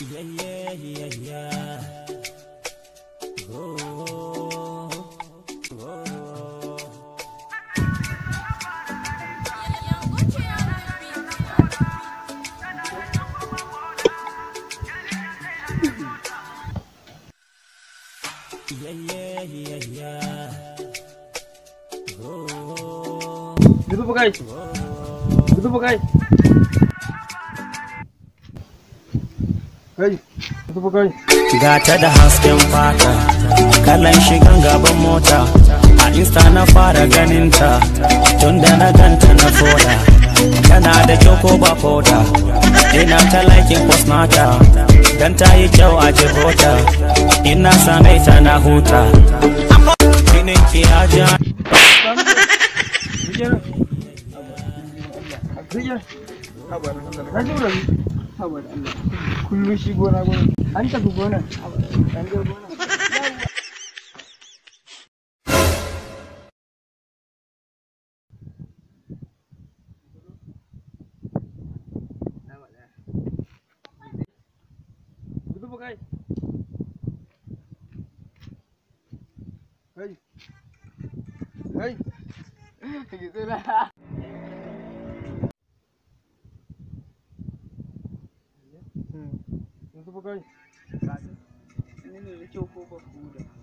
Yeah, yeah, yeah, yeah. Oh, oh, oh. Yeah, yeah, yeah, Oh, oh. Gitu, guys. Gitu, guys. gata da hasken fata, kalan shigan gaban mota, a insta na fara ganinta, tun da na ganta na foda. Tana da kyau ko ba foda, ina ta laikin kwasnata, dan ta yi kyau a jibota, ina sanai ta na huta. ki aja. Habar Kullum shi gona gona. An tafi gona. An je gona. Hey! Hey! tafi kai. Ni ne ya kyau ko ba